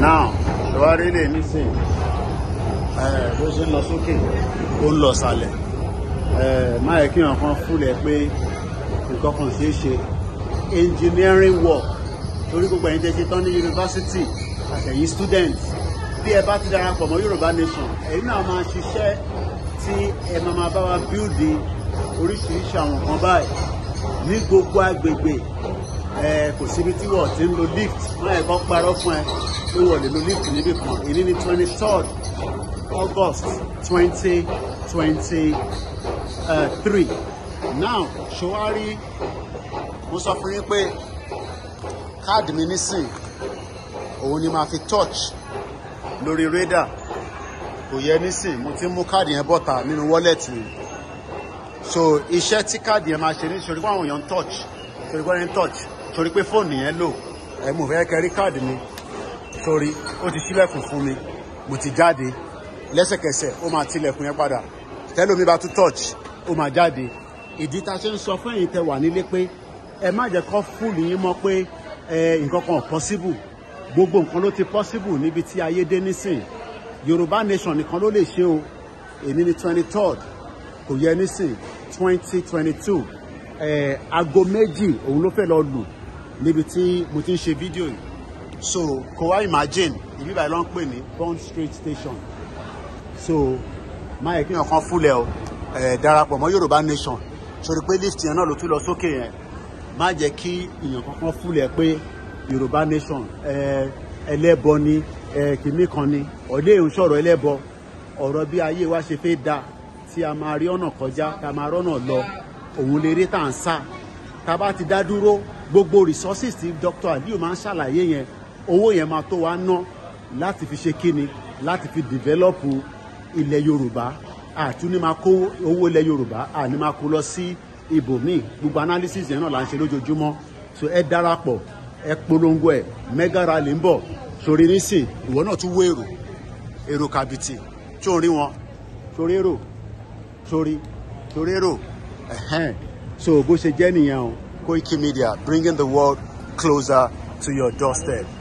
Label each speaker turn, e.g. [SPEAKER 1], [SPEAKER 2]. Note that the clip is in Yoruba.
[SPEAKER 1] now ṣèwárí lè nísìn bó ṣe ń lọ sókè ó ń lọ sàlẹ̀ má yẹ kí nǹkan fúlẹ̀ pé nǹkan kan ṣeé ṣe engineering work torí gbogbo ẹ̀yin tẹ́ ṣe tán ní yunifásitì àtẹ̀yìn students bí ẹ bá ti darapọ̀ mọ́ Yorùbá nation ẹ̀yin náà máa ṣiṣẹ́ tí ẹ máa máa bá wa bíúdi oríṣiríṣi àwọn nǹkan báyìí ní gbogbo agbègbè ẹ kò síbi tí wọ́n ti ń lo lift wọ́n ẹ̀kọ́ parọ́ fún ẹ pé wọ́n lè lo lift níbì kan èyí ní twenty third August twenty twenty three now ṣọwárí mo sọ fún yín pé káàdì mi nísìn òun ni màá fi touch lórí radar kò yẹ nísìn mo ti mú káàdì yẹn bọ́ta nínú wallet mi so iṣẹ́ tí káàdì yẹn máa ṣe ní ṣorí pé àwọn èèyàn touch ṣorí pé wọ́n ń touch torí pé fóònù yẹn lò ẹ mo fẹ́ kẹrí káàdì mi torí ó ti ṣílẹ̀kùn fún mi mo ti jáde lẹ́sẹ̀kẹsẹ̀ ó máa tilẹ̀kùn yẹn padà tẹ́lómi bá tún touch ó máa jáde ìdí ta ṣe ń sọ fún ẹ̀yin tẹ́ wà nílé pé ẹ má jẹ́ kó fúlù yín mọ́ pé nǹkan kan possible gbogbo nǹkan ló ti possible níbi tí ayé dé nísìn yorùbá nation nìkan ló lè ṣe o èmi ni twenty third kò yẹ nísìn twenty twenty two aago méjì òun ló fẹ́ lọ lù níbi tí mo ti ń ṣe fídíò yìí so kò wá imagine ibi báyìí ló ń pè ní Bond Street Station so má yẹ kí èèyàn kan fúlẹ̀ o ẹ̀ darapọ̀ mọ́ Yorùbá Nation sori pé lift yẹn náà ló tún lọ sókè yẹn má jẹ́ kí èèyàn kankan fúlẹ̀ pé Yorùbá Nation ẹlẹ́bọ ni kìíní kan ni ọ̀lẹ́ ìhùn sọ̀rọ̀ ẹlẹ́bọ ọ̀rọ̀ bí ayé wa ṣe fẹ́ da tí a máa rí ọ̀nà kọjá tá a máa rọ́nà lọ òun lè rí tá à ń sá tá a bá ti dá dúró gbogbo resources tí Dr. Aliyu máa ń ṣàlàyé yẹn owó yẹn máa tó wa ná láti fi ṣe kíni láti fi develop ilẹ̀ Yorùbá àti ní máa kó owó ilẹ̀ Yorùbá àní máa kó lọ sí ibòmíì gbogbo analysis yẹn náà là ń ṣe lójoojúmọ́ so ẹ darapọ̀ ẹ polongo ẹ mega rally ń bọ̀ sórí nísìn ìwọ náà tún wó èrò èrò kàbìtì tí ò rí wọn sórí èrò sórí sórí èrò ẹ̀hẹ́n so bó ṣe jẹ́ nìyẹn o. Koiki Media, bringing the world closer to your doorstep.